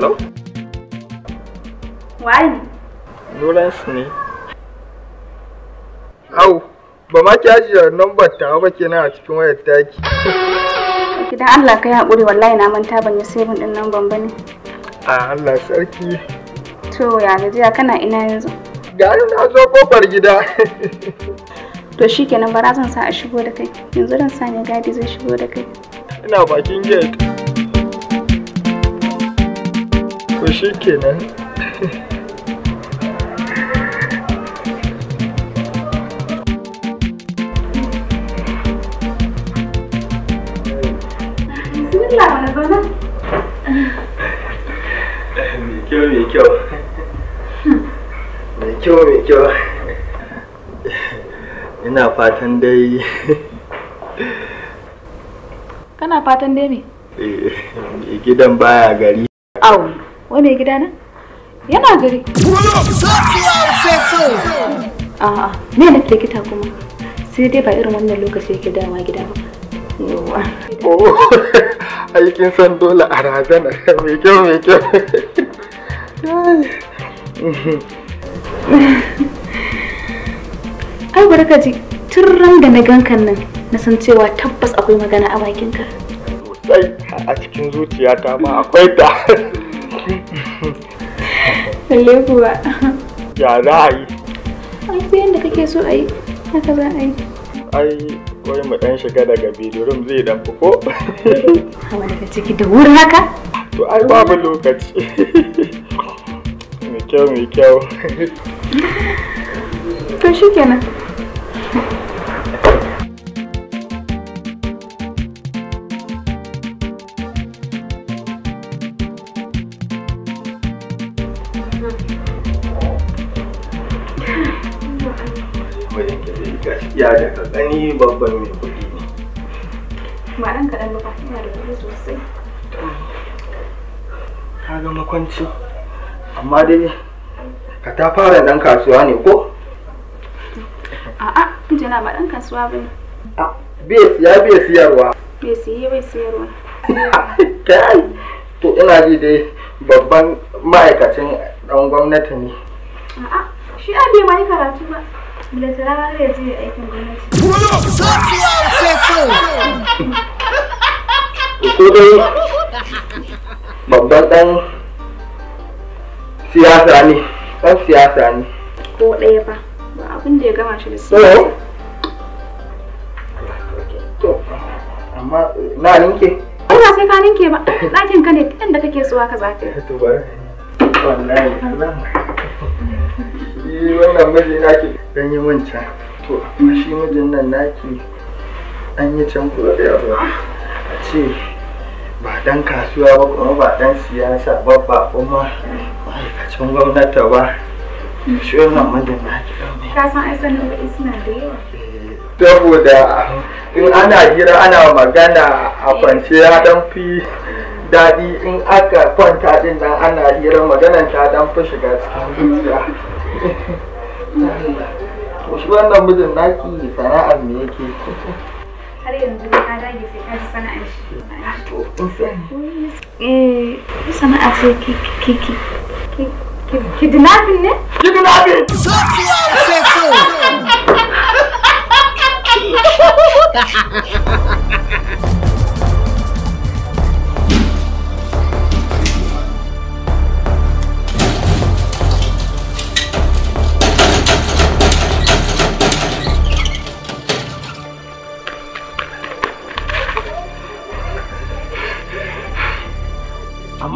Hello? Waye? Nuransu ne. Au, ba ma ki ajiye nambar ta ba kenan a cikin wayar taki. Gidan Allah ka ya haƙuri wallahi na manta ban yi sabon ɗin lambar ba ne. A Allah sarki. To ya gajiya kana ina yanzu? Gari na zo kofar gida. To shi kenan bara zan sa a shigo da kai. Yanzu zan sa ne gadi zai shigo da kai. Ina bakin gate. to shi kenan mai kyau mai kyau ina fatan dai kana fatan dai me eh, gidan baya gari au wai mai gida na yana gari a'a me na firgita kuma sai dai ba irin wannan lokaci yake dama gida ba oh, aikin san dole a razana mai kyau mai kyau ai barka ji tun ran da na gankan nan na san cewa tabbas akwai magana a bakinka a cikin zuciyata ma akwai ta lalle kuwa ya za yi ai sai yadda kake so a yi haka za a yi ai wai mu dan shiga daga bidiyoyin zai dan fi ko hawa daga ciki da wurin haka to ai babu lokaci mai kyau mai kyau to shikenan gaskiya ka gani babban mai kuɗi ne ba ɗan kaɗan ba yana da kuɗi sosai ka ga makwanci amma dai ka ta fara ɗan kasuwa ne ko a'a jana ba ɗan kasuwa ba ne bai ya bai siyarwa bai siye bai siyarwa kai to ina ji dai babban ma'aikacin ɗan gwamnati ne a'a shi ya bai ma yi karatu ba Bilatara ma zai je aikin gwamnati. Ko dai babban ɗan siyasa ne, ɗan siyasa ne. Ko ɗaya ba, ba abin da ya gama shi da siyasa. To, amma na ninke. Ina sai ka ninke ba, ɗakin ka ne, inda kake so ka zafi. To, bari. Wallahi, shi wannan miji naki dan yi can. to amma shi mijin nan naki an yi can kuɗa da yawa a ce ba dan kasuwa ba kuma ba dan siyasa ba ba kuma ma'aikacin gwamnati ba shi wannan mijin naki ka san ai sanin wai suna da yawa eh, saboda in ana hira ana magana a ya dan fi daɗi in aka kwanta din nan ana hira maganan ta dan fi shiga cikin zuciya shi wannan mijin naki sana'ar me yake har yanzu ka dage sai ka sana'ar shi eh sana'a ce ki ki ki kidnapping ne kidnapping sexual sexual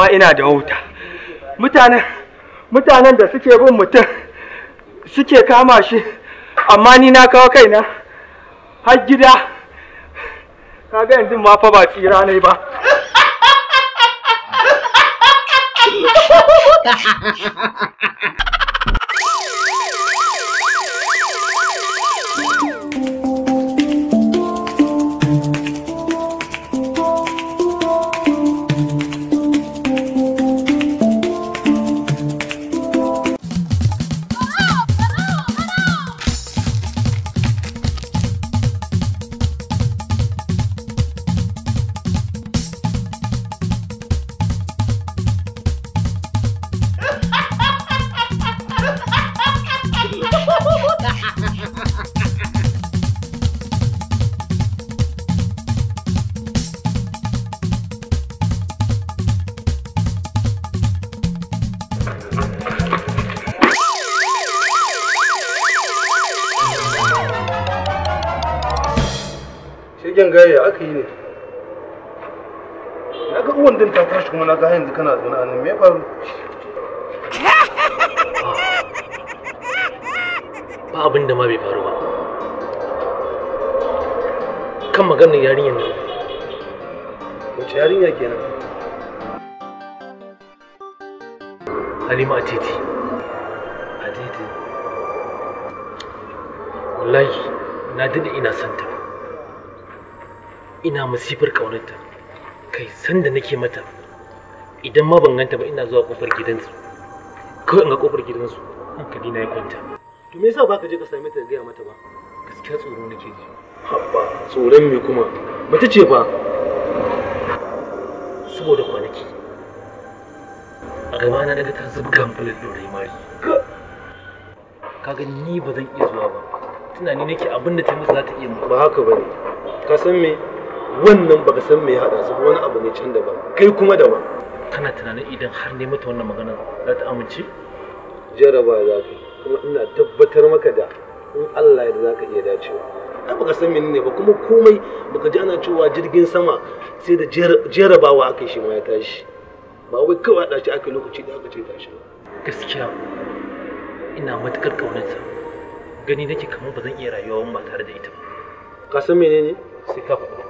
amma ina da wuta mutanen da suke bin mutum suke kama shi amma ni na kawo kaina har gida kaga yanzu ma fa ba tsira ne ba kyan gaya aka yi ne na ga uwan din ta tashi kuma na ga yanzu kana zaune a nan me faru ba abin da ma bai faru ba kan maganar yarinyar nan wace yarinya kenan halima a titi a titi wallahi na daɗe ina santa ina masifar ƙaunarta kai sanda nake mata idan ma ban ganta ba ina zuwa kofar gidansu kawai in ga kofar gidansu hankali na ya kwanta to me yasa baka je ka same ta gaya mata ba gaskiya tsoro nake ji habba tsoron me kuma ta ce ba? saboda kwanaki a gaba na daga ta zubga bullet lorai mari kaga ni ba zan iya zuwa ba tunani nake abinda ta musu za ta iya ba haka bane ka san me wannan baka san me ya hada su wani abu ne can daban kai kuma daban kana tunanin idan har ne mata wannan magana za ta amince jaraba za ta kuma ina tabbatar maka da in Allah ya za ka iya dacewa ai baka san menene ba kuma komai baka ji ana cewa jirgin sama sai da jarabawa aka shi ma ya tashi ba wai kawai da shi aka lokaci da aka ce tashi gaskiya ina matukar kaunarta gani nake kamar ba zan iya rayuwa ba tare da ita ba ka san menene sai ka faɗa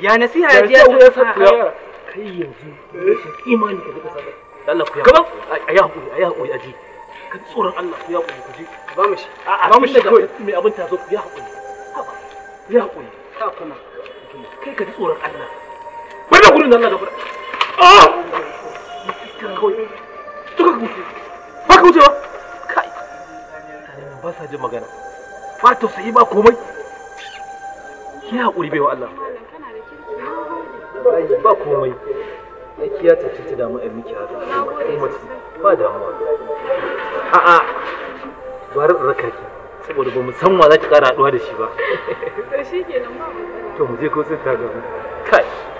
ya nasiha ya ji ya kai ya a ya ya ya hakuri ku ji da ah! magana ba ba komai ya hakuri Allah ba komai ya tace ta damu a miki haka ba damuwa a'a ba raka kaki saboda ba mu san wa za ki kara haduwa da shi ba to shi kenan ba to mu je ko sun ta gaba kai